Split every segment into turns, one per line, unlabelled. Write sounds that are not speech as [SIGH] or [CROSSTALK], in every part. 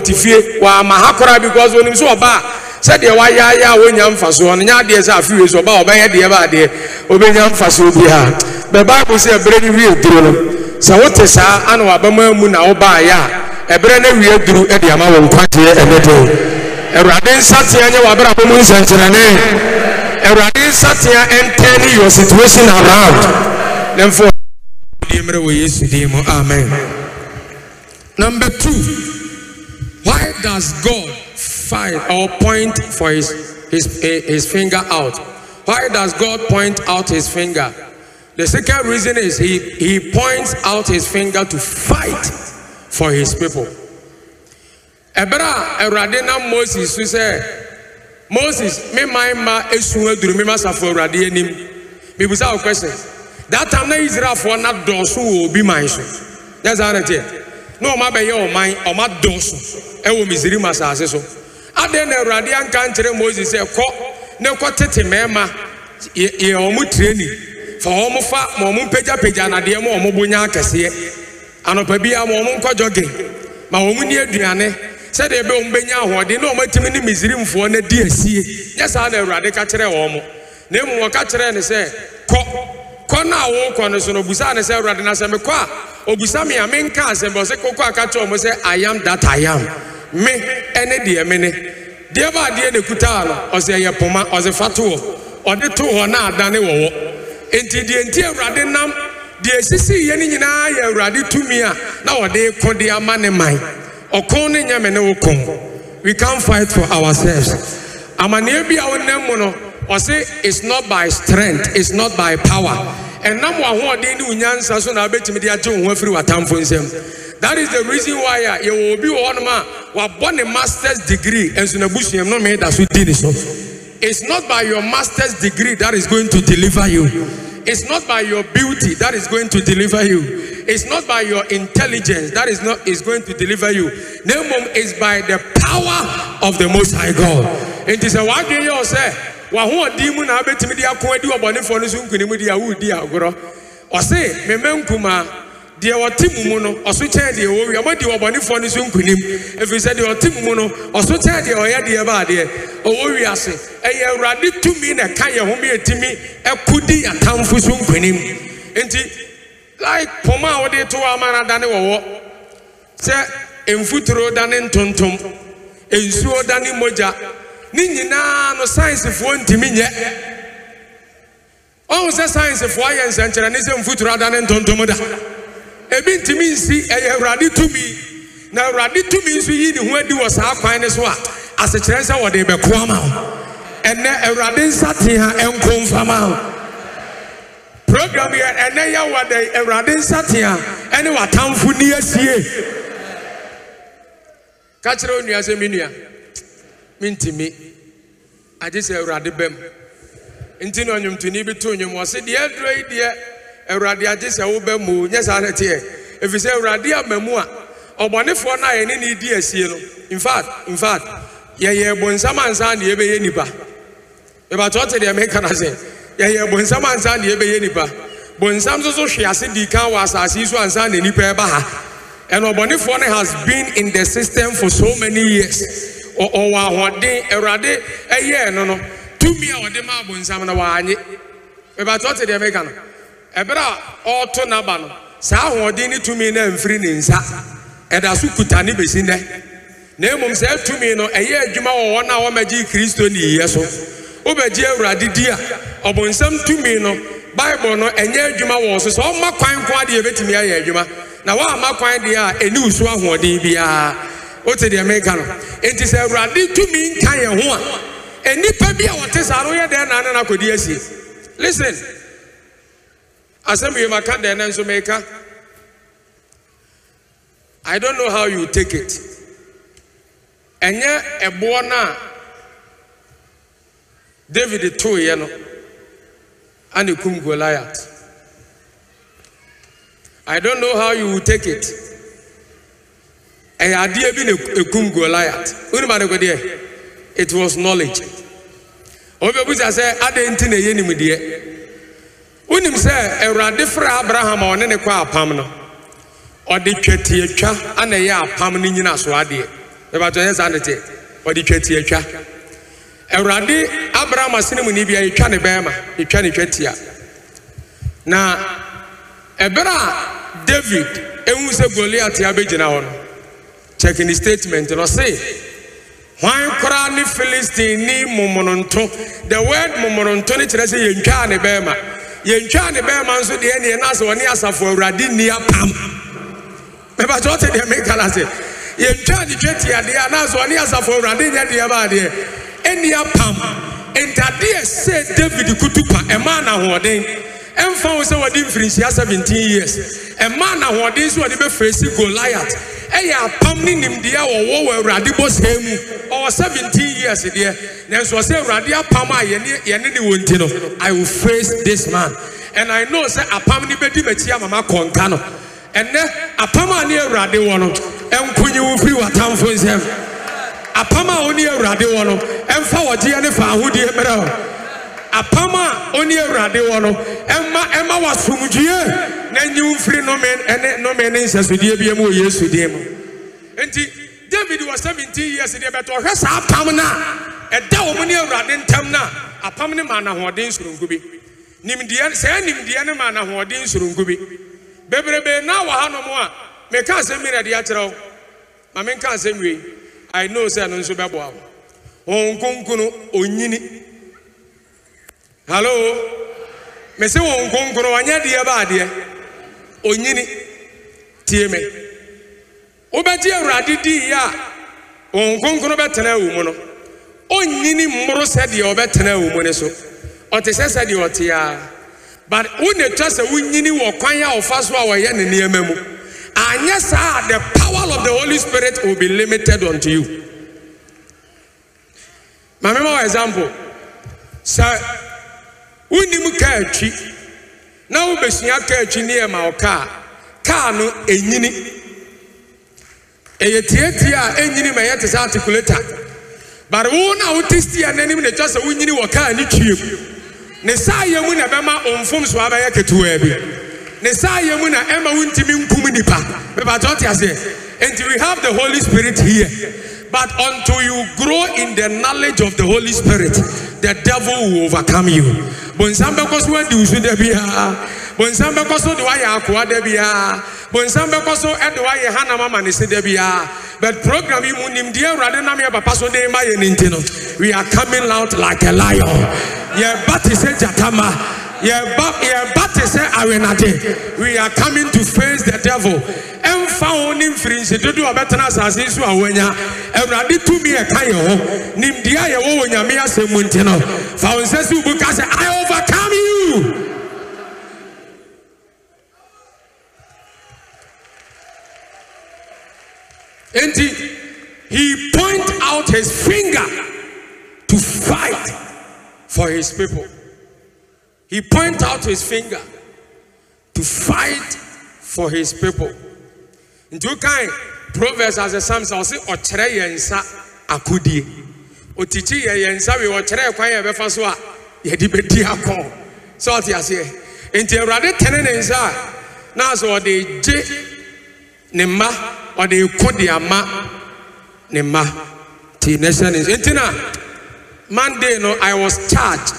wɔte fie wɔama ha koraa because wɔnim sɛ ɔbaa sɛdeɛ wayaayaa a wɔnya mfasoɔ no nyɛ adeɛ sɛ afewie so ɔbaa ɔbɛyɛ deɛ baadeɛ ɔbɛnya mfasoɔ biara bɛ bible sɛ ɛberɛ no wie duro no sɛ wote saa ana wabɛma mu na wobaayɛ a ɛberɛ no wie duru de ama wɔ nkwagyeɛ ɛnɛ dɛn awurade nsateɛ nyɛ wabrabɔ mu nsɛnkyerɛne awurade nsateɛ ɛntɛn ne your situation around na mfa wɔdeɛ mmerɛ wɔ yesu din mu amen number two Why does God fight or point for his, his, eh, his finger out? Why does God point out his finger? The second reason is he, he points out his finger to fight for his people. Ebera Erade na Moses so say Moses mi my ma esu aduru me masafo Erade anim. Me busa question. That time na Israel for na dọ̀sù obi man so. That's how it is. No ma be your mind, o ɛwɔ misirim asase so adɛn na awurade anka nkyerɛ moses sɛ kɔ ne kɔ tete mmarima yɛ wɔn tireni fa wɔn fa ma wɔn mpagyapagya nadeɛ ma wɔn bonya akɛseɛ anɔpa bi ma wɔn nkɔ jɔge ma wɔn ni aduane sɛdeɛ bɛ wɔn bɛnya ahoɔden na wɔn atumi ne misirimfoɔ na di asie nyɛ saa na awurade ka kyerɛ wɔn na emu wɔka kyerɛ ne sɛ kɔ kɔ na a wɔrekɔ no so no busa ne sɛ awurade na sɛ mekɔ a obusa mi a asɛm kyerɛ wɔn sɛ i am that i am. me ne deɛ me ne deɛ ba adeɛ na ekuta no ɔsɛ ɛyɛ poma ɔsɛ fa ɔde to hɔ na adane wɔwɔ nti deɛ nti awurade nam deɛ esisi yɛ ne nyinaa yɛ awurade tumi a na ɔde ko de ama ne man ɔko ne nyɛ ne wo ko we can fight for ourselves amaneɛ bi a wɔnam mu no ɔsɛ it's not by strength it's not by power ɛnam wɔ ahoɔden ne wo nyansa so na wobɛtumi de agye wo ho afiri w'atamfo nsam that is the reason why will be one man who a won a masters degree and n'abusuam no mmea da so di ne it's not by your masters degree that is going to deliver you it's not by your beauty that is going to deliver you it's not by your intelligence that is not is going to deliver you No, mmom it's by the power of the most high god nti sɛ wadwe what ɔsɛ wahoɔden mu na abɛtumi de ako adi ɔbɔnefoɔ no so nkunim de a wodi agorɔ ɔse meme deɛ ɔte mu mu no ɔso kyɛn deɛ ɔwɔ wi ɔmo deɛ ɔbɔnifoɔ no so nkunim efiri deɛ ɔte mu mu no ɔso kyɛn deɛ ɔyɛ deɛ baa deɛ ɔwɔ wi ase ɛyɛ awurade tumi na ɛka yɛn ho mi etimi ɛko di atamfo so nkunim nti like poma a wɔde to ama na dane wɔwɔ sɛ mfuturo dane ntontom nsuo dane mogya ne nyinaa no sayansifoɔ ntumi nyɛ ɔhun sɛ sayansifoɔ ayɛ nsɛnkyerɛnne sɛ mfuturo adane ntontom da ebi ntumi nsi ɛyɛ awurade tumi na awurade tumi nso yi ne ho adi wɔ saa kwan ne so a asekyerɛ sɛ wɔde bɛko ama wo ɛnɛ awurade nsa te ha ɛnko mfama wo program yɛ ɛnɛ yɛ wɔ de awurade nsa te ɛne w'atamfo ni asie ka kyerɛ wo nua sɛ me nua mentimi agye sɛ awurade bɛm nti na bi to nnwom wɔ se deɛ aduro yi deɛ awurade agye sɛ wobɛ mu nyɛ saa ne teɛ ɛfiri sɛ awurade ama mu a ɔbɔnefoɔ no a yɛne ne di asie no infact infact yɛyɛ bonsam ansa ne yɛbɛyɛ nipa mebatɔ te deɛ meka na sɛ yɛyɛ bonsam ansa ne yɛbɛyɛ nipa bonsam nso so hwe ase dii kan wɔ asase yi so ansa ne nipa ɛba ha ɛna ɔbɔnefoɔ no has been in the system for so many years ɔwɔ ahoɔden awurade ɛyɛɛ no no tumi a ɔde ma abonsam no wɔanye mebatɔ te deɛ meka no ɛbɛrɛ a ɔreto n'aba no saa ahoɔden ne tumi na mfiri ne nsa ɛda so kuta ne besi nnɛ na mmom saa tumi no ɛyɛ e adwuma wɔ wɔn a wɔmɛgye kristo ne yiyɛ so wobɛgye awurade di a ɔbɔnsɛm tumi no bible no ɛnyɛ adwuma wɔ so sɛ ɔma kwan nko adeɛ yɛbɛtumi ayɛ adwuma na wɔama kwan deɛ a ɛni e wusu ahoɔden biara wote deɛ meka no enti sɛ awurade tumi nka yɛn ho a nnipa bi a wɔte saa no woyɛ dɛn na ne no akɔdi asie listen asɛm yi maka dɛn ne nso meka i don't know how you take it ɛnyɛ ɛboɔ no a david toeɛ no ane kum goliath i don't know how you take it ɛyɛ adeɛ bi na ekum goliath wonima ne kodeɛ it was knowledge Obi bɛ busa sɛ adeɛ nti na ɛyɛ nimdeɛ wonim sɛ awurade fra abraham a ɔne ne kɔ apam no ɔde twatiatwa ana ɛyɛ apam no nyina so adeɛ ɛbatɔ yɛ saa ne teɛ ɔde twatiatwa awurade abraham asene mu ne bia yɛtwa ne bɛrima yɛtwa ne twatia na ɛberɛ a david ehu sɛ goliat abɛgyina hɔ no check ne statement no ɔse hwan koraa ne philistine ne momononto the word momononto ne kyerɛ sɛ yɛntwaa ne bɛrima yɛntwa ne bɛrima nso deɛ neɛ na sɛ ɔne asafo awurade nni apam mɛbatɛ ɔte deɛ meka na sɛ yɛntwa ne twetiadeɛ a na sɛ ɔne asafo awurade nyɛ deɛ baadeɛ ɛnni apam ntadeɛ sɛ david kutupa ɛmaa n'ahoɔden ɛmfa ho sɛ wɔde mfirinhyia 17 years ɛmaa n'ahoɔden nso wɔde bɛfrɛ si goliath ɛyɛ apam ne nimdeɛ a wɔwɔ wɔ awurade bɔsɛn mu ɔwɔ seventeen years deɛ nanso ɔsɛ awurade apam a yɛne yɛne ne wɔn ti no i will face this man and i know sɛ apam ne bɛdi m'akyi ama ma kɔnka no ɛnɛ apam a ne awurade wɔ no ɛnkonyi wo firi w'atamfo nsɛm apam a wo ne awurade wɔ no ɛmfa wɔgyeɛ ne fa ahodeɛ mmerɛ o. apam a ɔne awurade wɔ no ɛma ɛma wasomdwie na nyi nfiri nnome ɛne nnome ne nsɛsodeɛ bi mu wɔ yesu din mu nti david wɔ seventeen years deɛ bɛtɔ ɔhwɛ saa apam no a ɛda wɔn ne awurade ntam no a apam no ma anahoɔden soronko bi nimdeɛ sɛɛ nimdeɛ no ma anahoɔden soronko bi bebrebe na wɔ hanom a meka asɛm bi na ɛde akyerɛ wo ma menka asɛm wei i know sɛ no nso bɛboa wo wɔn nkonkunu onyini Hello, mese wɔn nkonkoro wanyɛ deɛ ba adeɛ onyini tie me wobɛgye awurade diiɛ a wɔn nkonkoro bɛtena awo mu no onyini mmoro sɛdeɛ ɔbɛtena awo mu ne so ɔte sɛ sɛdeɛ but wone twa sɛ wonyini wɔ kwan a ɔfa so a wɔyɛ ne nneɛma mu anyɛ the power of the holy spirit will be limited unto you My ma example sir wonim kaa na wobɛsua kaa akyi ne ɛma ɔkaa kaa no ɛnyini ɛyɛ tiatia a ɛnyini ma ɛyɛ te sɛ articulata bare wo no a wote stia n'anim ne ɛtwa sɛ wonyini wɔ kaa ne twiem ne saayɛ mu na ɛbɛma ɔmfom so abɛyɛ ketewaa bi ne saayɛ mu na ɛma wontumi nkum nnipa mepatɛ ɔte aseɛ enti we have the holy spirit here but until you grow in the knowledge of the Holy Spirit, the devil will overcome you. Bonsam bɛkɔ so adi wusu da biara. Bonsam bɛkɔ so de wayɛ akoa da biara. Bonsam bɛkɔ so de But program yi mu nimdeɛ awurade nam yɛ papa so de ma we are coming out like a lion. Yeah, but he said gyata ma yɛba te sɛ awenade we are coming to face the devil ɛmfa ho ne mfirinhyɛ dodoɔ a ɔbɛtena asase so a wɔanya awurade tumi ɛka yɛ hɔ nimdeɛ a yɛwɔ wɔ nyame asɛm mu nti no fa wo nsɛ sɛ wobu ka sɛ i overcome you enti he point out his finger to fight for his people he points out his finger to fight for his people. Nti wokae Proverbs as a Psalm sɛ ɔse ɔkyerɛ yɛn nsa akodie. Ɔtikyi yensa we ochere wei ɔkyerɛ kwan bedi akon." so what yɛde bɛdi akɔ. Sɛ ɔte aseɛ. Nti Awurade tene ne nsa a na sɛ the gye ne mma ɔde ko ama ne the nation is. In ne Monday no I was charged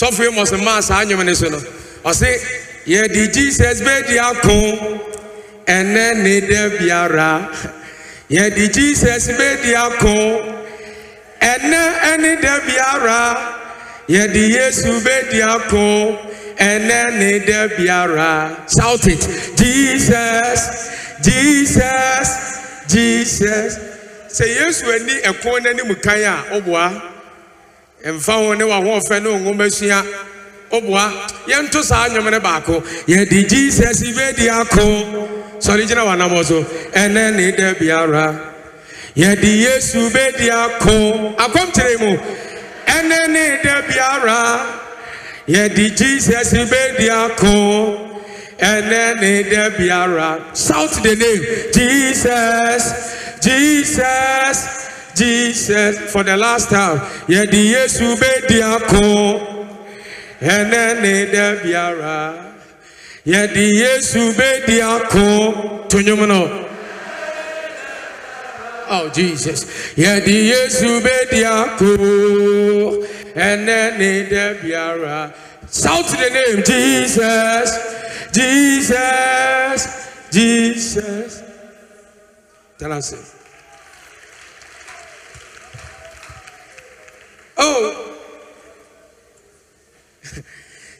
sɔfo yi mɔsɔn maa saa I ne so no ɔsi yɛde jesus bɛdi ako ɛnɛ ne dɛ biara yɛde jesus bɛdi ako ɛnɛ ɛne dɛ biara Jesus yesu bɛdi ako ɛnɛ ne dɛ biara shout it jesus jesus jesus sɛ yesu ani ɛko n'anim mukaya a ɔboa. mfa ho ne wahoɔfɛ ne nwoma sua oboa yɛnto saa nnwom ne baako yɛde jesus bɛdi ako sɔre gyina wanamɔ so ɛnɛ ne da biara yɛde yesu bɛdi ako akɔmkyerɛ mu ɛnɛ ne da biara yɛde jesus bɛdi ako ɛnɛ ne da biara shout the name jesus jesus Jesus for the last time. Yet the Yesu be diako. then de biara. Yet the Yesu be diako. To no. Oh Jesus. Yet the Yesu be diako. then de biara. Shout the name Jesus. Jesus. Jesus. Tell us it. Oh!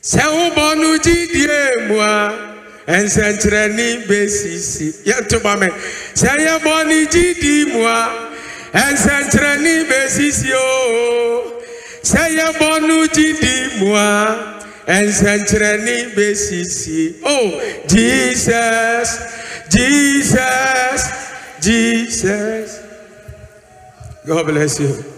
Sɛ wobɔ no gyidie mu a, nsɛnkyerɛni besisi. Yɛnto ba Saya Sɛ yɛbɔ no gyidie mu a, nsɛnkyerɛni besisi o. Sɛ yɛbɔ no gyidie mu Oh! Jesus! Jesus! Jesus! God bless you.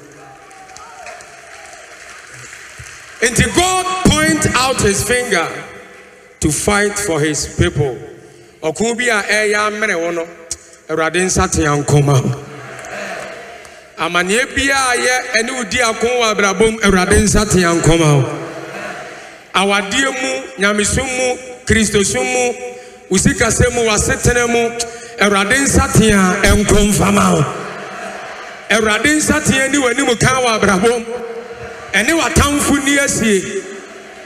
And Until God point out his finger to fight for his people. Ɔkò bi a ɛyɛ amere wɔ no, Awurade nsa te ya nkɔma. Amaneɛ biara yɛ ɛne odi ako abrabom, Awurade nsa te ya mu, nyamesom mu, kristosom mu, wosikasɛ mu, wasetena mu, Awurade nsa te ya nkɔmfama. Awurade nsa te ya ne abrabom. ɛne w'atamfo ni asie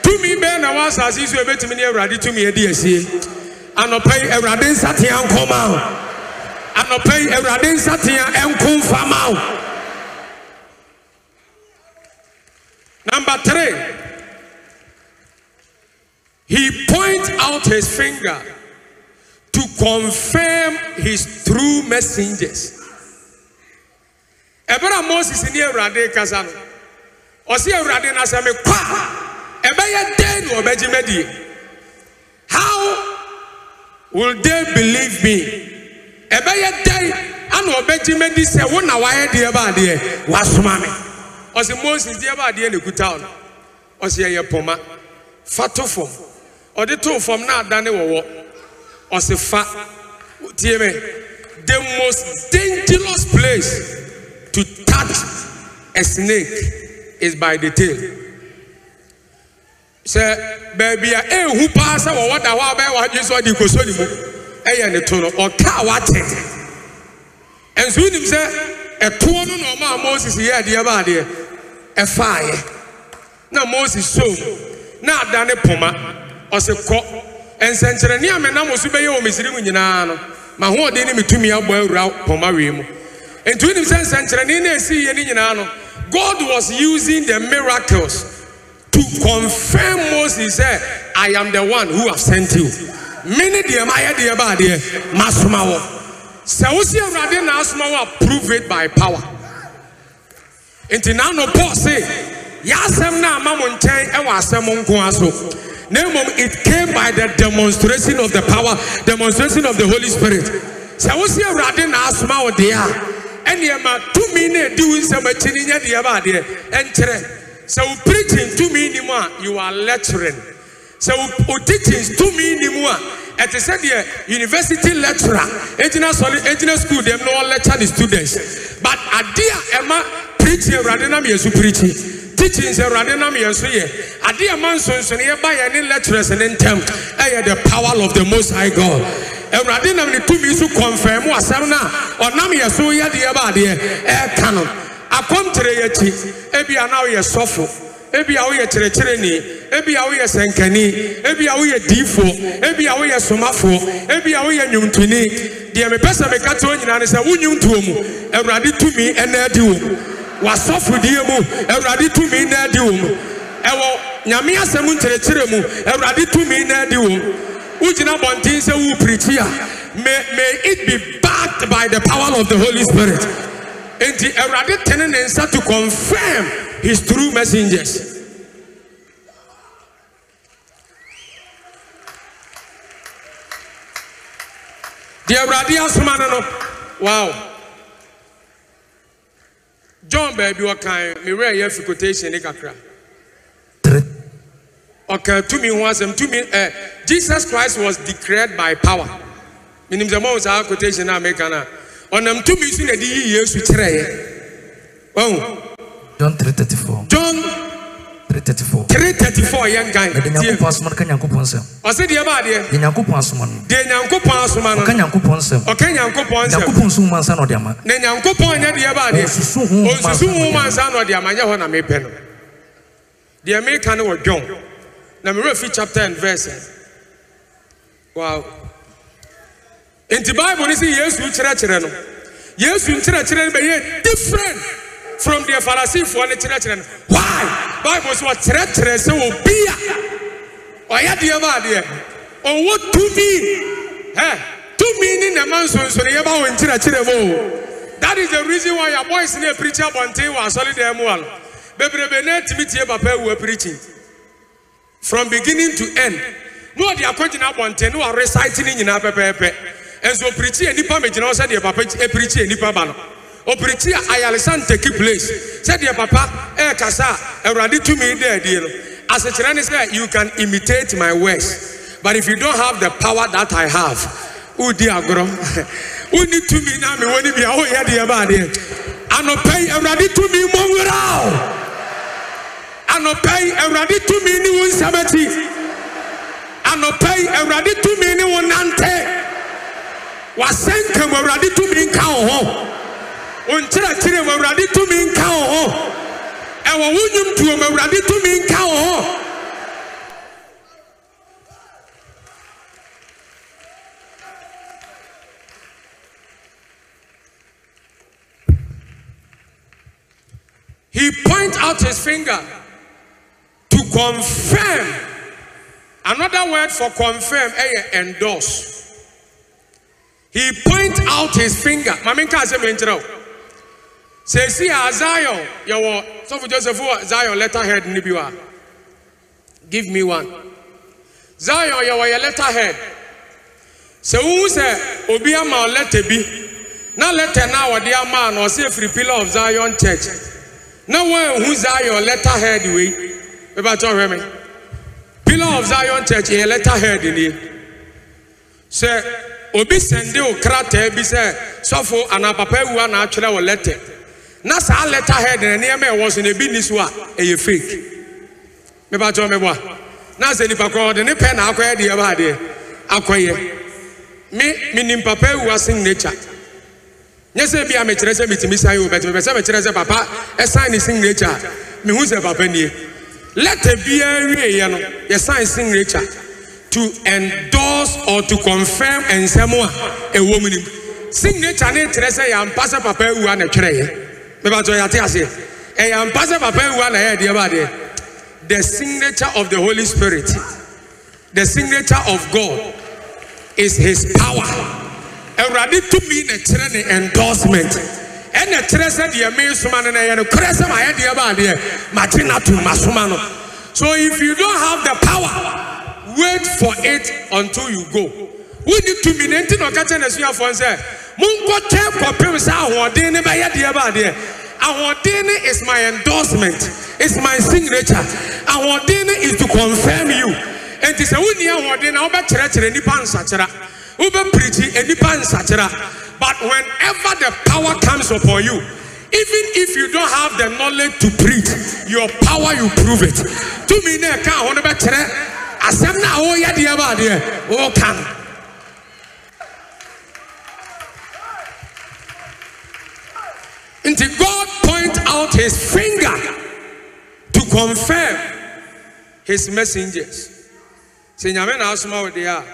tumi bɛɛ na w'asase so ebetumi ne awurade tumi adi asie anɔpɛ yi awurade nsatea nkɔma o anɔpɛ yi awurade nsatea ɛnko mfama o number three he point out his finger to confirm his true messengers ɛbɛrɛ moses ne awurade kasa no. ɔsi awurade na sɛ mekɔ a ɛbɛyɛ den na ɔbɛgye mɛdie how will they believe me ɛbɛyɛ den ana ɔbɛgye mɛdi sɛ wo na wayɛ deɛ ba adeɛ wasoma me ɔsi moses deɛ ba adeɛ na ekuta ɔno ɔsi ɛyɛ pɔma fa to fam ɔde to fam na adane wɔwɔ ɔsi fa tie me the most dangerous place to touch a snake is by the tail sɛ baabi a ehu eh, paa sɛ wɔwɔ da hɔ a bɛyɛ wɔadwe so ɔde nkoso ne mu ɛyɛ ne to no ɔka a wate nso nim sɛ ɛtoɔ no na ɔmo a moses yɛ adeɛ ba adeɛ ɛfaayɛ na moses so na ada ne poma ɔsɛ kɔ nsɛnkyerɛnne a menam so bɛyɛ wɔ mesiri mu nyinaa no ma hoɔden ne me tumi abɔ awura poma wei mu ntu nim sɛ nsɛnkyerɛnne na ɛsii yɛ ne nyinaa no God was using the miracles to confirm Moses said, I am the one who have sent you. Many dear my dear body, Masumawa. So we see Radin Asmawa prove it by power. Until now, no Paul say, Yasem na mamunchen ewa semun so. Name it came by the demonstration of the power, demonstration of the Holy Spirit. So we see Radin Asmawa there. ɛnneɛ ma tumi na edi wo nsɛm akyi ni nyɛ deɛ ba adeɛ ɛnkyerɛ sɛ o preaching tumi ni mu a you are lecturing sɛ o o teaching tumi ni mu a ɛte sɛ deɛ university lecturer egyina sɔli egyina school dem na ɔlecture the students but adeɛ ɛma preaching awurade nam yɛ so preaching. teachings awurade nam yɛn so yɛ adeɛ ɛma nsonsoneɛ ba yɛn ne lecturers ne ntɛm had the power of the most high god awurade nam ne tumi so eh, kɔnfɛn mu asɛm no a ɔnam yɛ so yɛ deɛ ba adeɛ ɛɛka a akɔntere yɛ akyi ebi a na ɔyɛ sɔfo ebi a woyɛ kyerɛkyerɛni ebi a woyɛ sɛnkani ebi a ya difo, ebi a ya somafoɔ ebi a woyɛ nwomtoni deɛ mepɛ sɛ meka kyerɛ wo nyinaa ne sɛ wo nwomtoɔ mu awurade tumi ɛna adi wɔ mu wasɔfodie mu awurade tumi na adi wɔm ɛwɔ nyame asɛm nkyerɛkyerɛ mu awurade tumi na adi wɔm wogyina bɔnten sɛ worepirikyi a may it be backed by the power of the holy spirit enti awurade tene ne nsa to confirm his true messengers deɛ awurade asoma no no wow john baabi ɔkan mewura yɛ fi quotation ne eh, kakra ɔkan tumi ho asɛm tumi ɛ eh, jesus christ was declared by power menim sɛ mɔwo saa quotation na meka no a ɔnam tumi so na de yi yesu kyerɛeɛ wahu john 334 john 334 334 yɛn kan mede nyankopɔn asoma no ka nyankopɔn nsɛm ɔse deɛ ba adeɛ de nyankopɔn asoma no deɛ nyankopɔn asoma no ɔka nyankopɔn nsɛm ɔka nyankopɔn nsɛm nyankopɔn nsu homa nsa na ɔde ama na nyankopɔn nyɛ deɛ ba adeɛ ɔsusu homa nsa na ɔde ama nyɛ hɔ na mepɛ no deɛ meka ne wɔ dwon na mewerɛ fi chapter and verse wow nti bible ne sɛ yesu kyerɛkyerɛ no yesu nkyerɛkyerɛ no bɛyɛ different from the Pharisee for the no why bible so ɔkyerɛkyerɛ sɛ obi a ɔyɛ deɛ ma adeɛ ɔwɔ tumi ɛ tumi ne nɛma nsonson yɛ ba wɔ nkyerɛkyerɛ mu o that is the reason why your boys ne apirikyi abɔnten wɔ asɔre dɛm mu alo bebrebe ne timi tie papa ewu preaching from beginning to end No, ne ɔde akɔgyina abɔnten ne wa recite ne nyinaa and nso pirikyi yɛ nipa megyina hɔ sɛ deɛ papa pirikyi and nipa ba no ɔpirikyi a ayaresa ntaki place Said, sɛdeɛ papa ɛrekasa eh, a awurade tumi there, dear. As a ne said, you can imitate my words but if you don't have the power that I have dear, who need to woni now? Me mewɔ ne bi a woyɛ deɛ baadeɛ anɔpɛ yi awurade tumi mmɔ nwura o anɔpɛ yi awurade tumi ne wo nsɛm akyi anɔpɛ yi awurade tumi ne wo nante wasɛn kam awurade tumi nka wo ho nkyerɛkyerɛ awurade tumi nka ɛwɔ wo mu awurade tumi nka He points out his finger to confirm. Another word for confirm, endorse. He points out his finger. Maminka seesi a zion yɛwɔ sɔfo joseph wɔ zion letterhead ni wa give me one zion yɛwɔ yɛ letterhead sɛ wohu sɛ obi ama lɛtɛ bi na lɛtɛ no a wɔde ama no ɔsɛ ɛfiri pillar of zion church na wɔahu zion letterhead wei mebatɔ hwɛ me pillar of zion church yɛ letterhead ni. sɛ obi sɛnde wo krataa bi sɛ sɔfo anaa papa awua na atwerɛ wɔ lɛtɛ na saa letterhead na nneɛma ɛwɔ so na ebi ni so a ɛyɛ fake mebàtɔ meboa na sɛ nipa korɔ ɔde ne pɛ na akɔyɛ deɛ ba adeɛ akɔyɛ me me nim papa ewu ase nature nye sɛ bi a mekyerɛ sɛ metumi san sign o bɛtɛ mepɛ sɛ mekyerɛ sɛ papa ɛsan ne signature a mehu sɛ papa nie letter biara wie yɛ no sign signature to endorse or to confirm nsɛm a ɛwɔ mu nim signature ne kyerɛ sɛ yɛampa sɛ papa ewu a na twerɛ yɛ. mebatɔ yɛate aseɛ ɛyɛ mpa sɛ papa awua na ɛyɛ deɛ the signature of the holy spirit the signature of god is his power awurade tumi na kyerɛ ne endorsement ɛna kyerɛ sɛ deɛ meesoma no na ɛyɛ no korɛ sɛ mayɛ deɛ baadeɛ magye no ato masoma so if you don't have the power wait for it until you go wonni tumi ne nti na ɔka kyɛ n'asuafoɔ sɛ monkɔkyɛ kɔpem sɛ ahoɔden ne bɛyɛ deɛ baadeɛ ahoɔden ne is my endorsement is my signature ahoɔden ne is to confirm you nti sɛ wonni ahoɔden na wobɛkyerɛkyerɛ nnipa nsakyera wobɛpirikyi nnipa nsakyera but whenever the power comes upon you even if you don't have the knowledge to preach your power you prove it tumi ne ɛka ahoɔ no bɛkyerɛ asɛm no a woyɛ deɛ baadeɛ woka Until God point out his finger to confirm his messengers. Sɛ nyame na asoma wo deɛ a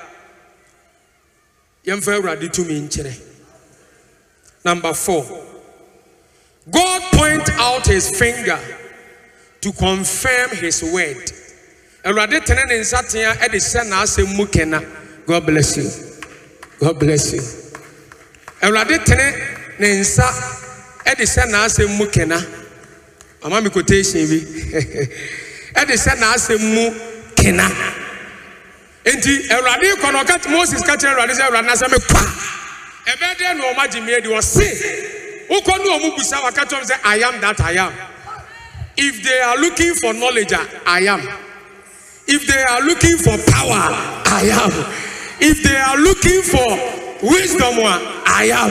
yɛmfa awurade tumi nkyerɛ. Number four, God point out his finger to confirm his word. Awurade tene ne nsatea de hyɛ n'asɛm mu kena. God bless you. God bless you. Awurade tene ne nsa ɛde sɛ n'asɛm mu kena mama mi quotation bi ɛde [LAUGHS] sɛ n'asɛm mu kena nti awurade kɔ na ɔka moses ka kyerɛ awurade sɛ awurade n'asɛm kwa ɛbɛn deɛ na ɔma gye mie ɔse wokɔ ne ɔmo busa waka tɔm sɛ i am that i am if they are looking for knowledge i am if they are looking for power i am if they are looking for wisdom i am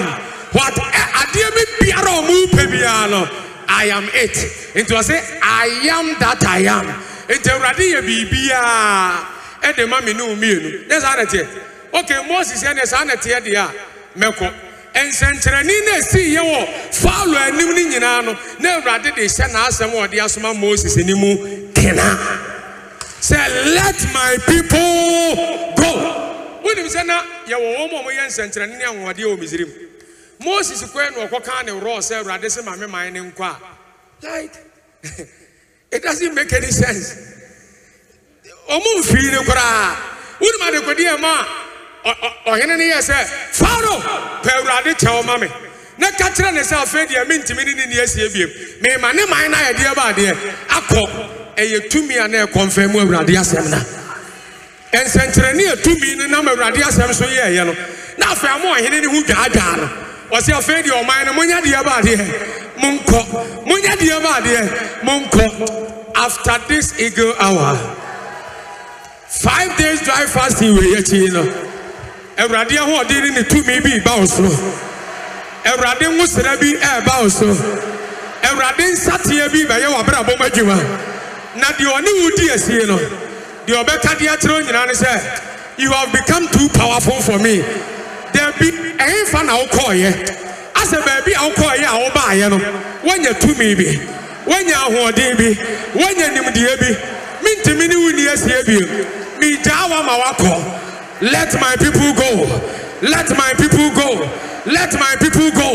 whatever adeɛ bi biara ɔmo pɛ biara no i am it nti wɔsɛ i am that i am nti awurade yɛ biribiara ɛde ma mi ne wo mmienu ne saa na teɛ moses yɛ ne saa na deɛ a mɛko nsɛnkyerɛni na esi yɛ wɔ faulo anim ne nyinaa no na awurade de hyɛ n'asɛm a ɔde asoma moses anim kena sɛ let my people go wonim sɛ na yɛwɔ wɔn a wɔyɛ nsɛnkyerɛni ne anwɔdeɛ wɔ misiri mu. moses kwan na ɔkɔka ne rɔɔ sɛ awurade sɛ maame ne a [LAUGHS] it doesn't make any sense ɔmo nfiri ne koraa a ɔhene ne yɛ sɛ faro pɛ awurade kyɛw ma me na ka kyerɛ ne sɛ afei deɛ mentimi ne ne ne asie biem mema ne man no ayɛdeɛ baadeɛ akɔ ɛyɛ tumi a na ɛkɔ mu awurade asɛm na nam awurade asɛm so no na ɔhene ne ho no wɔsi afei deɛ ɔman no munya deɛ ba adeɛ mu nkɔ munya deɛ ba adeɛ mu nkɔ after this eagle hour five days dry fasting wɔ yɛkyi eh, no awurade ahoɔden ne ne tumi bi ba wo so awurade nwosira bi ɛɛba wo so awurade nsateɛ bi bɛyɛ wɔ abrabɔ mu adwuma na deɛ ɔne wo di asie no deɛ ɔbɛka deɛ kyerɛ nyinaa ne sɛ you have become too powerful for me dabi ɛyin fa na wokɔɔyɛ asɛ baabi a wokɔɔyɛ a wobaayɛ no woanya tumi bi woanya ahoɔden bi woanya nimdeɛ bi mentumi ne wonni asie bio megyaa wo ama woakɔ let my people go let my people go let my people go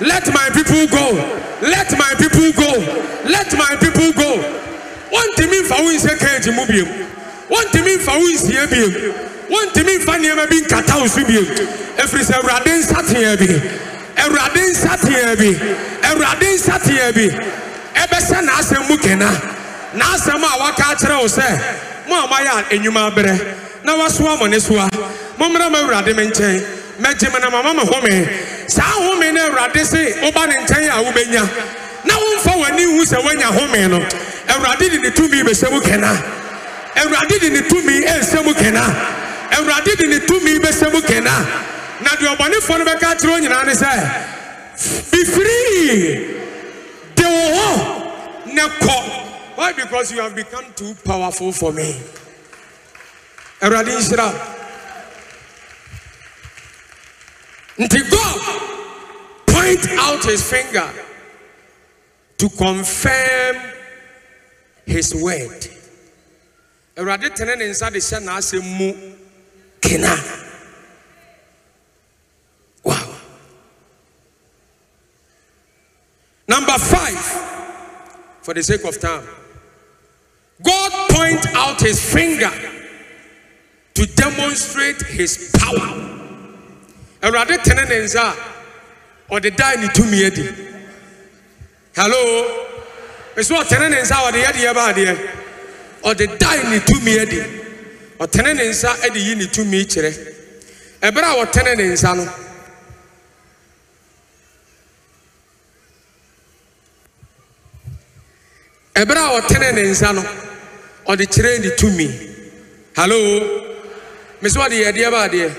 let my people go let my people go let my people go wontumi mfa wo nhyɛ kage mu biom wontumi mfa wo nsie biom wontumi nfa nneɛma bi nkata wo bi bio efirisa ewurade awurade nsateɛ bi awurade nsateɛ bi awurade nsateɛ bi ɛbɛsɛ n'asɛm mu kena n'asɛm a waka akyerɛ wo sɛ mo a moayɛ enwuma berɛ na wasoa mo ne soa mommra ma awurade me nkyɛn mɛgye me na mama me home saa home na ewurade si woba ne nkyɛn a wobɛnya na womfa w'ani hu sɛ woanya home no ewurade di ne tumi bɛhyɛ mu kena awurade de ne tumi ɛɛhyɛ mu kena awurade de ne tumi bɛhyɛ mu kena na deɛ ɔbɔnefoɔ no bɛka kyerɛ nyinaa ne sɛ bifirii de wo ho ne kɔ why because you have become too powerful for me awurade nhyira nti god point out his finger to confirm his word awurade tene ne nsa de hyɛ n'asɛm mu kenan wow number five for the sake of time god point out his finger to demonstrate his power awurade tene ne nsa a ɔde dae ne tumi adi hello ɛsɛ ɔtene ne or the ɔde yɛdeɛ baadeɛ ɔde dae ne tumi adi ɔtene ne nsa de yi ne tumi kyerɛ ɛberɛ a ɔtene ne nsa no ɛberɛ a ɔtene ne nsa no ɔde kyerɛ ne tumi hallo mesɛ ɔde yɛ deɛ baadeɛ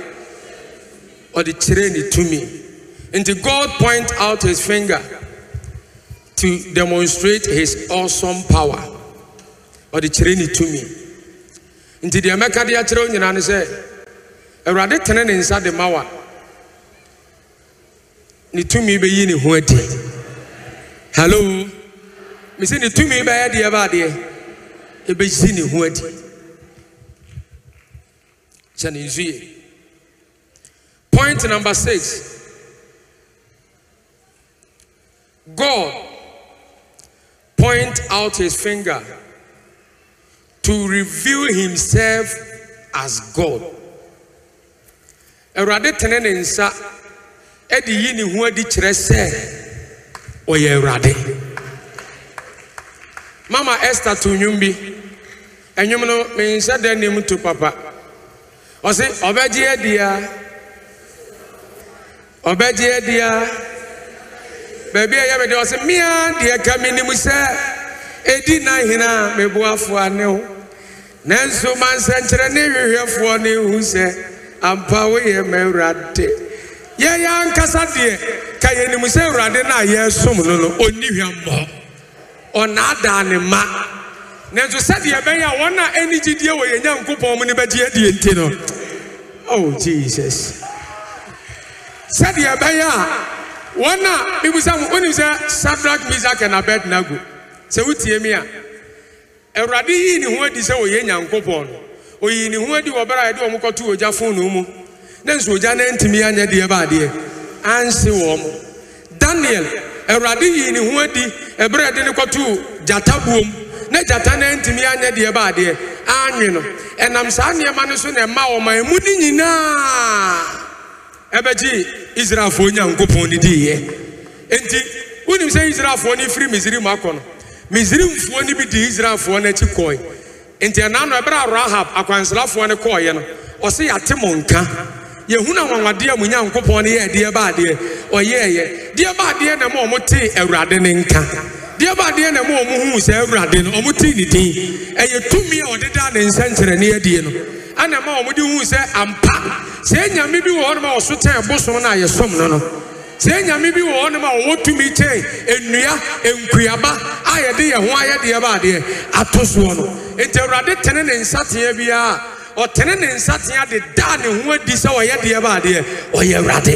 ɔde kyerɛ ne tumi nti god point out his finger to demonstrate his awesome power ɔde kyerɛ ne tumi nti deɛ mɛka de akyerɛ wo nyinaa ne sɛ awurade tene ne nsa de ma wa ne tumi bɛyi ne ho adi hallo mesi ne tumi bɛyɛ deɛ baadeɛ ɛbɛsi ne ho adi kyɛ ne nsu yɛ point number six God point out his finger to reveal himself as God. Awurade tene ne nsa de yi ne ho adi kyerɛ sɛ ɔyɛ Awurade. Mama Esther to nnwom bi. Nnwom no me nhyɛ dan ne to papa. Ɔse ɔbɛgye adi a ɔbɛgye adi a baabi a ɛyɛ me deɛ ɔse mmea deɛ ka me nim sɛ ɛdi na hena meboafoɔ anew. na ma nsɛnkyerɛ ne hwehwɛfoɔ ne hu sɛ ampa woyɛ ma awurade yɛyɛ ankasa deɛ ka yɛnim sɛ awurade no a yɛresom no no ɔnni hwammɔ ɔnaadaa ne mma nanso sɛdeɛ ɛbɛyɛ a wɔn a ɛni gyidie wɔ yɛn nyankopɔn mu no bɛgye adie nti no oh jesus sɛdeɛ ɛbɛyɛ a wɔn a bibu sɛ mo wonim sɛ sadrak misak and abednego sɛ wotie mi a awurade yii ne ho adi sɛ ɔyɛ nyankopɔn ɔyii ne ho adi wɔ berɛ a yɛde ɔmo kɔto ogya fonoo mu ne nso ogya no antumi anyɛ deɛ baadeɛ anse wɔ daniel awurade yii ne ho adi ɛberɛ a yɛde ne kɔto gyata buom na gyata no antumi anyɛ deɛ baadeɛ anwe no ɛnam saa nneɛma no so na ɛma ɔma ɛmu ne nyinaa ɛbɛgye israelfoɔ nyankopɔn no diiɛ enti wonim sɛ israelfoɔ no firi misiri mu akɔ no misrimfoɔ no bi de israelfoɔ no akyi nti ɛnaa no ɛberɛ a akwa akwansrafoɔ no no ɔse ya mo nka yɛhunu anwanwadeɛ a mo nyankopɔn no yɛɛ deɛ baadeɛ ɔyɛɛyɛ deɛ baadeɛ na ma te awurade ne nka deɛ baadeɛ na sɛ awurade no ne din ɛyɛ tumi a ɔde ne nsɛnkyerɛnne adie no sɛ ampa sɛ nyame bi wɔ hɔ no ma ɔso tɛn a yɛsom no sɛ nyame bi wɔ hɔnom a wɔwɔ tumi kyɛn nnua nkuaba a yɛde yɛn ho ayɛde yɛ baadeɛ ato soɔ no nti awurade tene ne nsateɛ biara ɔtene ne nsateɛ de daa ne ho adi sɛ ɔyɛ deɛ baadeɛ ɔyɛ awurade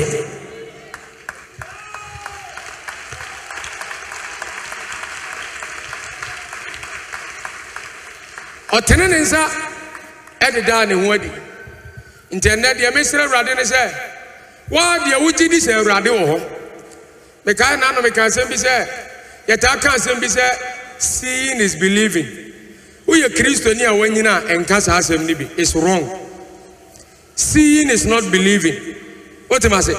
ɔtene ne nsa de daa ne ho adi nti ɛnnɛ deɛ mesrɛ awurade ne sɛ waa deɛ wogye di sɛ awurade wɔ hɔ mekae naano meka asɛm bi sɛ yɛtaa ka asɛm bi sɛ seeing is believing woyɛ kristoni a woanyina a ɛnka saa asɛm no bi is wrong seeing is not believing wotim ase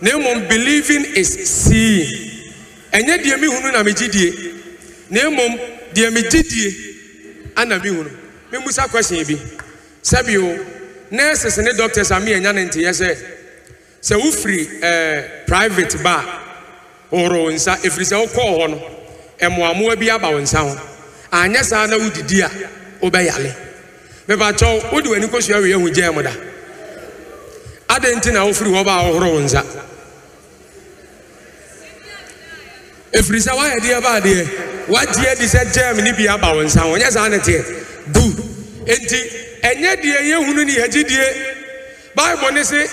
na mmom believing is seeing ɛnyɛ deɛ mehunu na megye die na mmom deɛ megye die ana mehunu memusa question bi sɛbio oh, nurses ne doctors a meyɛnya ne nteyɛ sɛ sɛ wofiri ɛɛ private bar horo wo nsa efiri sɛ wokɔɔ hɔ no ɛmoamoa bi aba wo nsa ho anyɛ saa na wodidi a wobɛyale mepakyɛw wode w'ani kɔsua wei ahu gyɛn mu da adɛn nti na wofiri hɔ baa wohoro wo nsa efiri sɛ woayɛ deɛ baa deɛ woagye adi sɛ gyɛm ne bi aba wo nsa ho ɛnyɛ saa ne teɛ bu enti ɛnyɛ deɛ yɛhunu ne yɛgyidie bible ne se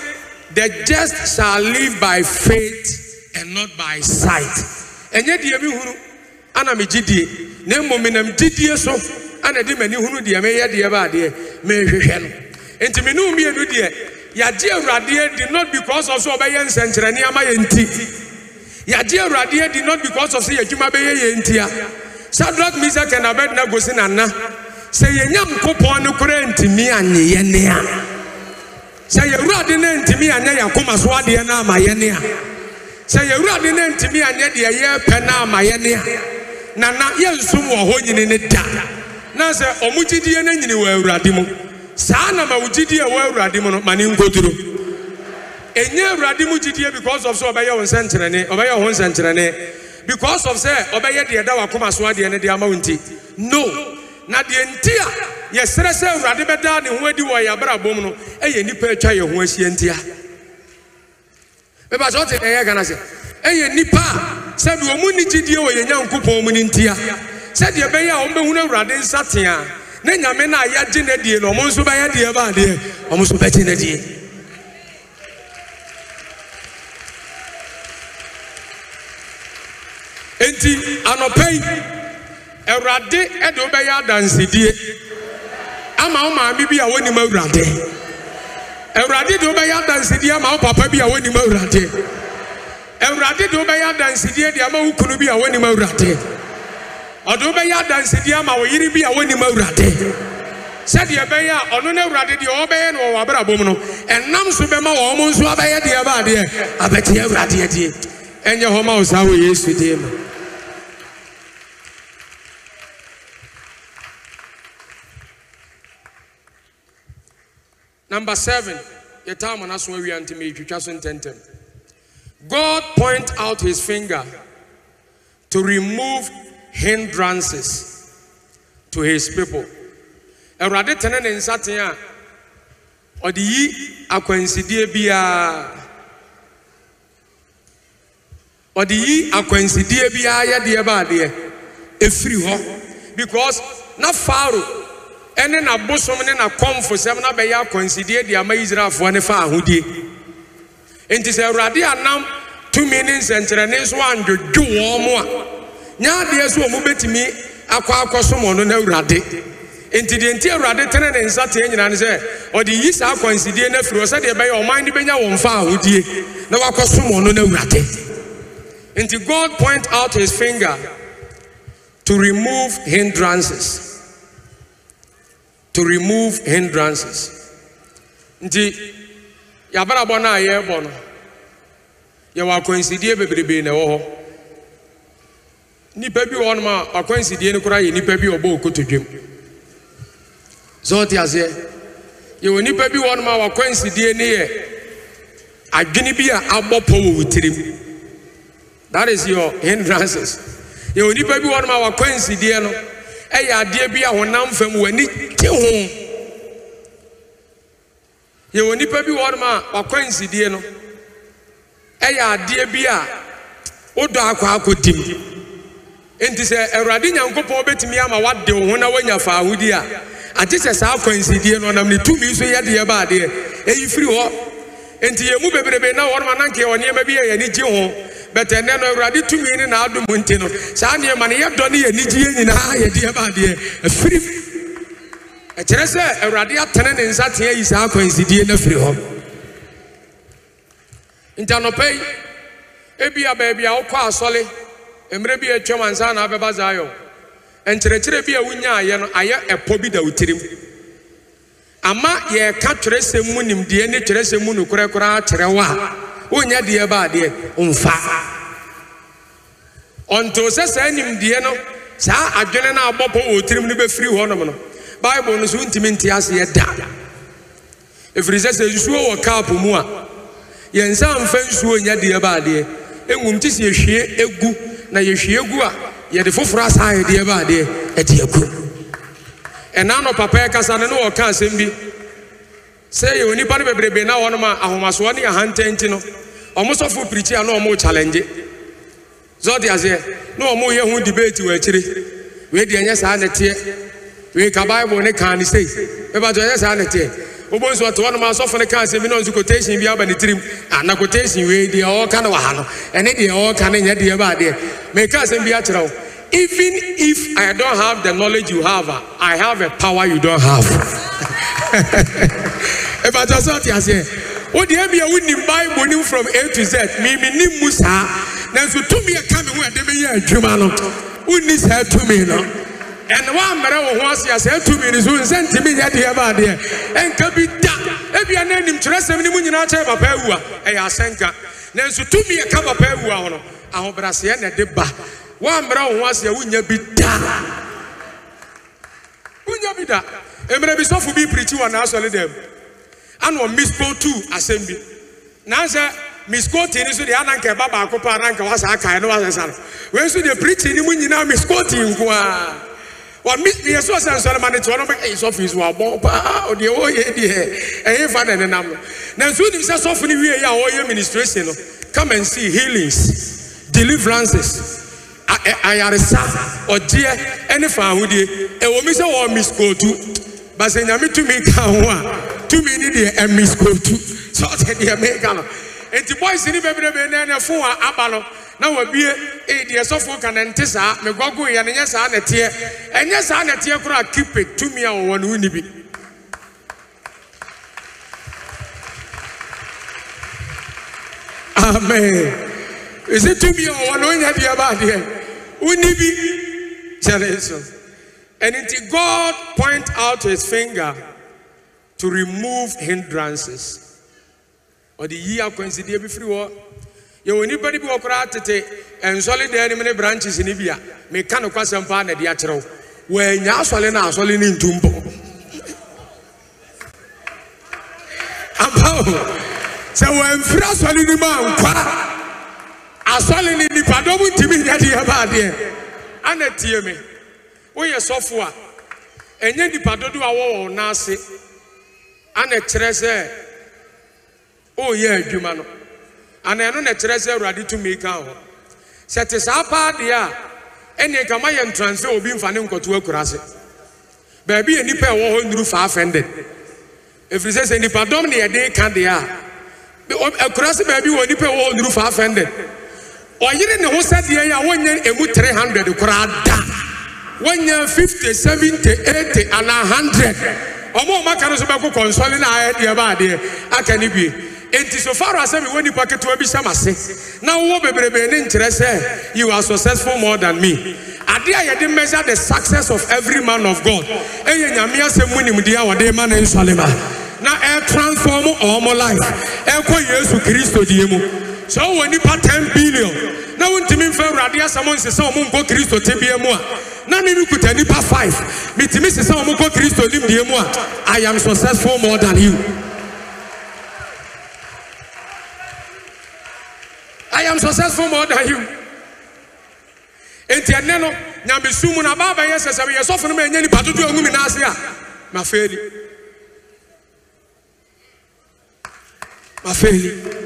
the just shall live by faith and not by sight ɛnyɛ deɛ mi hunu ana mi gyi die na mmom nam gyidie so ana de m'ani hunu deɛ meyɛ deɛ ba adeɛ mehwehwɛ no nti mi num mmienu deɛ yagye awuradeɛ di not because of so sɛ ɔbɛyɛ nsɛnkyerɛnne ama yɛn ti yagye awuradeɛ di not because of sɛ yɛ adwuma bɛyɛ yɛn ti a shadrach misa kɛnabɛd na gosi nana sɛ yɛnya nkopɔn no koraa ntumi anyeyɛ ne a sɛ yɛwurade ne ntumi anyɛ yɛn koma so adeɛ no ama yɛ ne a sɛ yɛwurade ne ntumi anyɛ deɛ yɛpɛ no ama yɛ ne a nana yɛnsum wɔ hɔ nyini ne da na sɛ ɔmo gyidie no nyini wɔ awurade mu saa na ma wo gyidie wɔ awurade mu no ma ne nkoduro ɛnyɛ awurade mu gyidie because of sɛ ɔbɛyɛ wo nsɛnkyerɛne ɔbɛyɛ wo ho nsɛnkyerɛne because of sɛ ɔbɛyɛ deɛ da wakoma so adeɛ no deɛ ama wo nti no na deɛ nti a yɛsrɛ sɛ awurade bɛdaa ne ho adi wɔ yɛ no ɛyɛ nnipa atwa yɛ ho ahyia ntia meba sɛ wote ɛyɛ gana sɛ ɛyɛ nnipa a sɛdeɛ ɔmu nni gyidie wɔ yɛ nyankopɔn mu no ntia sɛdeɛ ɛbɛyɛ a ɔmbɛhunu awurade nsate a ne nyame no a yɛagye n'adie no ɔmo nso bɛyɛ deɛ baadeɛ ɔmo nso bɛgye n'adie enti anɔpɛ yi awurade ɛde wobɛyɛ adansedie ama wo maame bi a wonim awurade awurade de wobɛyɛ adansedie ama wo papa bi a wonim awurade awurade de wobɛyɛ adansedie de ama wo kunu bi a wonim awurade ɔde wobɛyɛ adansedie ama wo yere bi a wonim awurade sɛdeɛ ɛbɛyɛ a ɔno no awurade deɛ ɔbɛyɛ no wɔwɔ abrabɔ mu no ɛnam so bɛma wɔn mo nso abɛyɛ deɛ ɛbaadeɛ
abɛteɛ awurade
adeɛ ɛnyɛ hɔ ma wo saa wɔ yesu deɛ mu Number seven, time we God point out his finger to remove hindrances to his people. Awurade tene ne nsaten a ɔde yi akwansidie biara a, yi akwansidie biara yɛdeɛ baadeɛ ɛfiri hɔ because not faro ɛne n'abosom ne n'akɔmfo sɛm na bɛyɛ akɔnsidie de ama israelfoɔ ne fa ahodie nti sɛ awurade anam tumi ne nsɛnkyerɛnne nso andwodwo wɔn mo a nyɛ adeɛ so wɔn bɛtumi akɔ akɔsom ɔno na awurade nti deɛ nti awurade tene ne nsa teɛ nyinaa ne sɛ ɔde yi saa akɔnsidie no afiri hɔ sɛdeɛ ɛbɛyɛ ɔman ne bɛnya wɔn fa ahodie na wakɔsom ɔno na awurade nti god point out his finger to remove hindrances to remove hindrances nti yɛabrabɔ no a yɛrebɔ no yɛwɔ akwansidie bebrebe na ɛwɔ hɔ nnipa bi wɔ nom a akwansidie no koraa yɛ nnipa bi ɔbɔ okotodwam sɛ ɔte aseɛ yɛwɔ nnipa bi wɔ nom a wakwansidie ne yɛ adwene bi a abɔ pɔ wɔ wo tirim that is your hindrances yɛwɔ nnipa bi wɔ nom a wakwansidie no ɛyɛ adeɛ bi a honam fam w'ani gye ho yɛwɔ nipa bi wɔ nom a wakwansidie no ɛyɛ adeɛ bi a wodɔ akɔ akɔtim enti sɛ awurade nyankopɔn wobɛtumi ama wade wo ho na wanya faahodi a ate sɛ saa akwansidie no ɔnam ne tumi so yɛdeɛ baadeɛ ɛyi firi hɔ enti yɛn mu bebrebe na wɔnom ananka yɛwɔ nneɛma bi a yɛni gye ho bɛtɛ ɛnɛ ah, ah, no awurade tumi ne n'adom nti no saa nneɛma no yɛdɔ ne yɛ anigyeɛ nyinaa yɛde ɛba adeɛ afirim ɛkyerɛ sɛ awurade atene ne nsateɛ yi saa akwansidie no afiri hɔ ntanɔpɛ yi ebi a baabi a wokɔ asɔle mmerɛ bi atwam ansa na abɛba zayɔ nkyerɛkyerɛ bi a wonya ayɛ no ayɛ ɛpɔ bi da wo tirim ama yɛreka twerɛsɛm mu nimdeɛ ne twerɛsɛm mu nokorɛ koraa kyerɛ wo a wonyɛ deɛ ba adeɛ mfa ɔnto sɛ saa nimdeɛ no saa adwene no abɔpɔ wɔ tirim no bɛfiri hɔnom no bible no so wontumi nte aseɛ da ɛfiri sɛ sɛ nsuo wɔ kaapo mu a yɛnsa mfa nsuo nyɛ deɛ ba adeɛ ɛnwum ti sɛ yɛhwie egu na yɛhwie gu a yɛde foforɔ asaa yɛdeɛ ba adeɛ ɛde agu ɛna no papa ɛkasa no ne wɔka asɛm bi Say you onipa no bebrebe na wɔn a ahomasoɔ ne ahantan nti no wɔn sɔfo pirikyi a na wɔn challenge zɔɔdi aseɛ na wɔn yɛ ho debate wɔ akyire wei deɛ nyɛ saa nɛteɛ wei ka bible ne kan ne sei ɛba tɔ nyɛ saa nɛteɛ wɔbɔ nso ɔte wɔn a sɔfo ne kan se bi na quotation bi aba ne tirim na quotation wei deɛ ɔɔka no wɔ ha no ɛne deɛ ɔɔka ne nyɛ deɛ ba adeɛ mɛ ka asɛm bi akyerɛ wo even if I don't have the knowledge you have ah, I have a power you don't have. [LAUGHS] ɛfata sɛ ɔte aseɛ wodeɛ mia wonim bible nim from a to z memenim mu saa nanso tumi ɛka me ho ɛde meyɛ adwuma no wonni saa tumi no ɛne woammɛrɛ wo ho ase a saa tumi no so nsɛ ntimi yɛ deɛ baadeɛ ɛnka bi da ebia na animkyerɛsɛm no mu nyinaa kyerɛ papa awu a ɛyɛ asɛnka nanso tumi ɛka papa awu a ho no ahobrɛaseɛ na ɛde ba woammɛrɛ wo ho ase a wonya bi da wonya bi da mmerɛ bi sɔfo bi pirikyi wɔ naasɔre dɛm ana misquote asɛm bi nansɛ misquote miss nso deɛ ana nka ɛba baako pa ana nka wasa akae no wasa sara wei nso deɛ preach, no mu nyinaa misquote nko ara wa mi yɛ so sɛ nsɔrɔma ne kyerɛ no bɛ ɛyɛ sɔfo yi so abɔ paa deɛ ɔyɛ deɛ ɛyɛ fa na nenam no na nso nim sɛ sɔfo no wie yɛ a ɔyɛ ministration no come and see healings deliverances or dear any fa ahodie ɛwɔ mi sɛ wɔn misquote basɛ nyame tumi ka ho a tumi eh, ni deɛ ɛmi skotu sɛ ɔsɛ the meka no nti boys eh, in ah, ni bebrebe na ɛna fo a aba no na wabie ee deɛ sɔfo ka na nte saa megwago yɛ no nyɛ saa nɛteɛ ɛnyɛ saa nɛteɛ koraa kipe tumi we wɔwɔ no woni bi amen ɛsɛ tumi ah, a wɔwɔ no wonya deɛ baadeɛ woni bi eh, be so and nti god point out his finger to remove hindrances ɔde yi akwansideɛ bi firi war. yɛwɔ nnipa no bi wɔ koraa tete nsɔle dan anim ne branches no bi a meka no kwasɛm paa na de akyerɛ wo wɔanya asɔle no asɔle no ntum bɔ ampao sɛ wɔamfiri asɔle no mu ankwa asɔle no nipadɔm ntumi nyɛ deɛ baadeɛ ana tie me woyɛ sɔfo a ana kyerɛ sɛ ɔreyɛ adwuma no ana ɛno na kyerɛ sɛ awurade tumi ka hɔ sɛ te saa paa deɛ a ɛnneɛ nka mayɛ ntransfer obi mfa ne nkɔto akura ase baabi yɛ nnipa ɛwɔ hɔ nnuru faa fɛnded ɛfiri sɛ sɛ nnipadɔm ne yɛde ka deɛ a akura se baabi wɔ nnipa ɛwɔ hɔ nnuru faa fɛnded ɔyere ne ho sɛdeɛ yi a wɔnyɛ ɛmu 300 koraa da wɔnyɛ 50 70 80 anaa 100 ɔmo ɔmo aka no nso bɛko kɔnsɔle na ayɛ deɛ baadeɛ aka ne bie nti so far asɛ mi wɔ nipa ketewa bi hyɛm ase na wowɔ bebrebe ne nkyerɛ sɛ you are successful more than me adeɛ a yɛde measure the success of every man of god ɛyɛ nyame asɛm mu nimdeɛ a wɔde ma ne nsɔle ma na ɛ transform ɔmo life ɛkɔ yesu kristo die mu sɛ wowɔ nipa ten billion na wontumi mfa awurade asɛm nsesa ɔmo nkɔ kristo tebea mu a na mimi kuta nipa five metumi sesa ɔmo kɔ kristo nimdeɛ mu a i am successful more than you i am successful more than you enti ɛnɛ no nyamesu mu na baaba yɛ sɛ sɛ yɛ sɔfo no ma ɛnyɛ nipa dodo a mi n'ase a mafeeli mafeeli.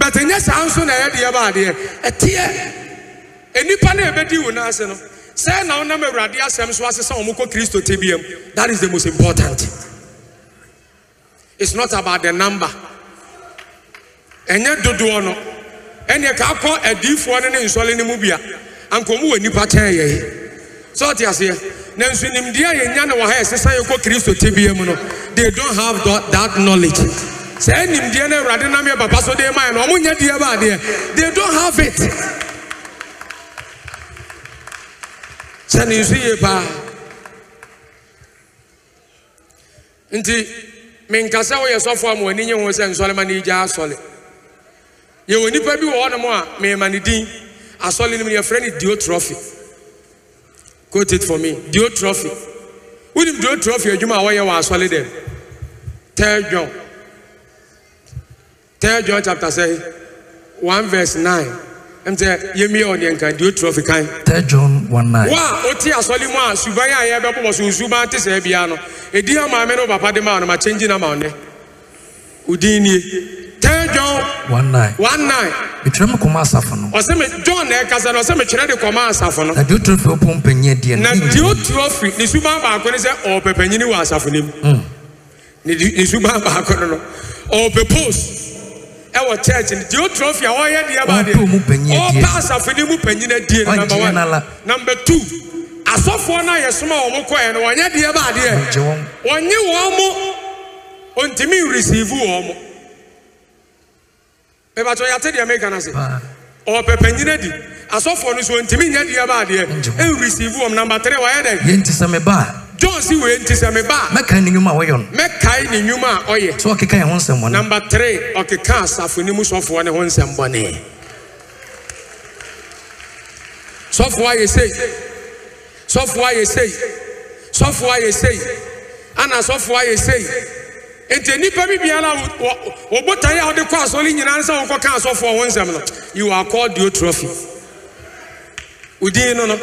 but in saa answer na ɛyɛ adeɛ ɛteɛ na ɛbɛdi wo n'ase no sɛ na awurade asɛm so ase sɛ wɔn kɔ kristo that is the most important it's not about the number ɛnyɛ dodoɔ no ɛnneɛ kakɔ adiifoɔ no ne nsɔle no mu bia ankomu wɔ nipa kyɛn yɛe sɛ ɔte aseɛ na nso nimdeɛ a yɛnya no wɔ ha kristo no they don't have that knowledge. saa nimdeɛ no awurade nam yɛ papa so de ma yɛ no ɔmo nyɛ deɛ baadeɛ they don't have it sɛ ne nso yie paa nti menka sɛ woyɛ sɔfo a ma w'ani nye ho sɛ nsɔlema no igya asɔle yɛwɔ nnipa bi wɔ hɔnom a mema ne din asɔle no mu yɛfrɛ no dio trophy quote it for me dio trophy wonim dio trophy adwuma a wɔyɛ wɔ asɔle dɛm third john 3 John chapter 6, 1 verse 9. I'm saying, Yemi on the can do trophy kind. 3 John 1 9. Wow, Oti Asolima, Subaya, Yabapo, Suzuba, Tisabiano. A dear mamma of Papa de Man, I'm changing amount. Udini. 3 John 1 9. 1 9. metwerɛ me kɔma asafo no ɔsɛ me john na ɛkasa no ɔsɛ mekyerɛ de kɔma asafo no na deɛ ɔturo firi ɔpɔ mpanyɛ deɛ na deɛ ɔturo firi ne suban baako ne sɛ ɔɔpɛ panyini wɔ asafo no mu ne suban baako no no ɔɔpɛ pose ɛwɔ church ni deɛ o turo fia ɔyɛ deɛ ba deɛ ɔpa asafo ni mu panyin adie number one number two asɔfoɔ no a yɛsoma wɔn kɔɛ no wɔnyɛ When you deɛ wɔnye wɔn mo ontimi receive wɔn mo mɛbatɔ yate deɛ mɛka na se ɔpɛ panyin adi asɔfoɔ no so ontimi nyɛ deɛ ba deɛ ɛn receive wɔn number three wɔyɛ dɛ yɛn ti sɛ mɛ john si wee nti sɛ meba mɛkae ne nnwuma a wɔyɛ no mɛkae ɔyɛ sɛ ɔkeka yɛ ho nsɛm bɔne number three ɔkeka asafo ne mu sɔfoɔ ne ho nsɛm bɔne sɔfoɔ ayɛ sei sɔfoɔ ayɛ sei sɔfoɔ ayɛ sei ana sɔfoɔ ayɛ sei nti nipa bi biara wɔbotan a wɔde kɔ asɔre nyinaa sɛ wɔkɔka asɔfoɔ ho nsɛm no you are called duotrophy wodin no no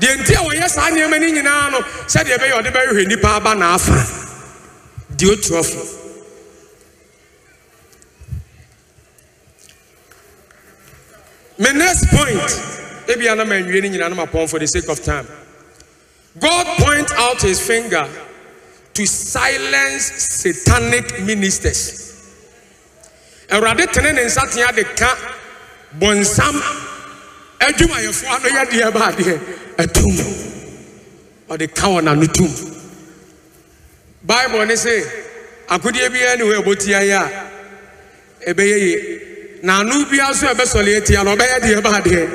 deɛ nti a wɔyɛ saa nneɛma no nyinaa no sɛdeɛ ɛbɛyɛ ɔde bɛhwehwɛ nipa aba na afa deɛ otu afo my next point ebi anam anwie no nyinaa no ma pɔn for the sake of time god point out his finger to silence satanic ministers awurade tene ne nsatea de ka bɔnsam adwumayɛfoɔ ano yɛ deɛ baadeɛ atum ɔde ka wɔn ano tum baibul ne bi akodeɛ biara ne ho ɛbɔtia yɛ a ɛbɛyɛ yie na ano biara nso ɛbɛsɔle etia na ɔbɛyɛ deɛ ɛbaa deɛ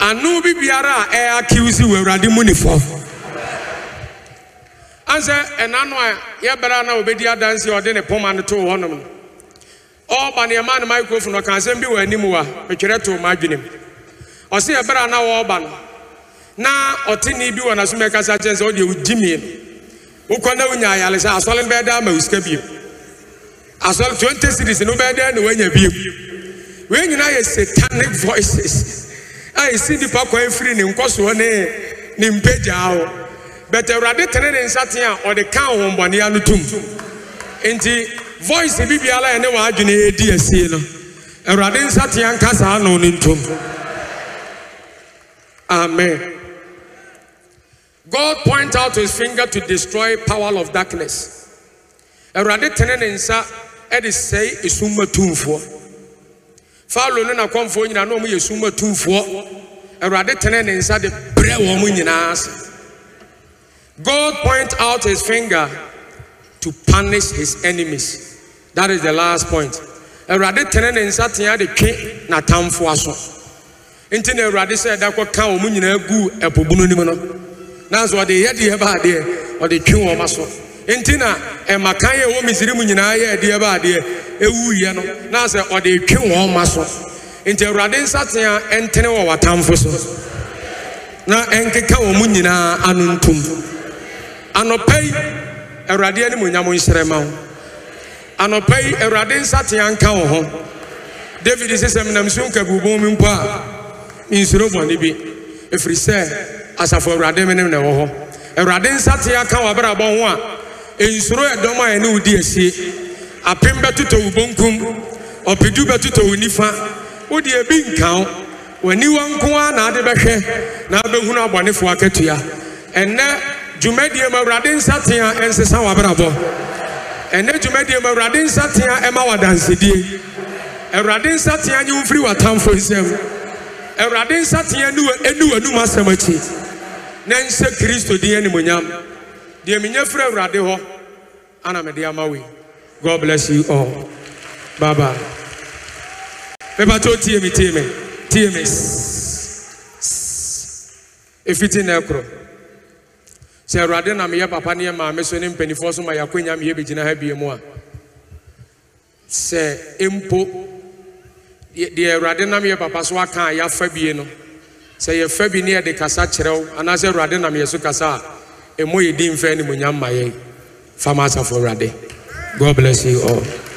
anu bi biara a ɛyɛ akiwusi wɔ awurade mu nifɔ ansɛ ɛnano a yɛbɛrɛ na obedi adansi ɔde ne pɔma no to hɔ nom ɔɔba nneɛma ne microphone ɔka asɛm bi wɔ anim wa metwerɛ to ma adwene mu ɔsi ɛbɛrɛ na wɔɔba no. na ɔtene bi wɔ n'asom ɛkasa kyɛn sɛ ɔdeɛ wogyi mie no wokɔ na wonya ayare sɛ asɔre no bɛyɛ daa ma wo sika bio asɔre 20 series no wobɛyɛ daa na woanya bio wei nyinaa yɛ satanic voices a ɛsi nnipa kwan firi ne nkɔsoɔ ne ne mpagyaa hɔ but awurade tene ne nsate a ɔde ka ahombɔnea no tom nti voice bi biara ɛne w'adwene ɛdi asie no awurade nsatea nka saa no ne ntom amen God point out his finger to destroy power of darkness. Awurade tene ne nsa de sɛe esumma tumfoɔ. Faalo ne n'akɔmfoɔ nyinaa na wɔn yɛ esumma tumfoɔ. Awurade tene ne nsa de brɛ wɔn nyinaa ase. God point out his finger to punish his enemies. That is the last point. Awurade tene ne nsa tea de twe n'atamfoɔ aso. Nti na Awurade sɛ ɛda kɔ ka wɔn nyinaa gu ɛpo bunu no. nanso ɔde yɛ deɛ ba adeɛ ɔde twe wɔn ma so nti na ɛma kan yɛ wɔ misiri mu nyinaa yɛ deɛ ba adeɛ ewu yɛ no nansɛ ɔde twe wɔn ma so nti awurade nsatea ɛntene wɔ w'atamfo so na nkeka wɔn mu nyinaa ano ntum anɔpɛ yi awurade anim onyam nhyerɛ ma wo anɔpɛ yi awurade nsatea nka wo ho david sisɛm nam so nka bubɔn mu mpo a nsoro nsuro bɔne bi ɛfiri sɛ asafo awurade me ne na ɛwɔ hɔ awurade nsateɛ ka w'abrabɔ ho a nsuro ɛdɔm a ɛne wo di asie apem bɛtotɔ wo bonkum ɔpedu bɛtotɔ wo nifa wode ebi nka wo w'aniwa nko ara na ade bɛhwɛ na abɛhunu abɔnefoɔ akatua ɛnɛ dwumadie mu awurade nsateɛ ɛnsesa w'abrabɔ ɛnɛ dwumadie mu awurade nsateɛ ɛma w'adansedie awurade nsateɛ nye wo firi w'atamfo nsam awurade nsateɛ ne w'anum asɛm akyi na nhyɛ kristo din animonyam deɛ menyɛ firi awurade hɔ ana mede ama wei god bless you all bye bye mepatɛ tie me tie me tie me ɛfiti na ɛkorɔ sɛ awurade na meyɛ papa ne yɛ maame so ne mpanimfoɔ so ma yɛakwanya meyɛ bɛgyina ha bie mu a sɛ mpo deɛ awurade nam yɛ papa so aka a yɛafa bie no sɛ yɛfɛ bi ne yɛde kasa kyerɛ wo anaasɛ awurade nam yɛ so kasa a ɛmmɔ yɛ din fɛ animonyam ma yɛn god bless you all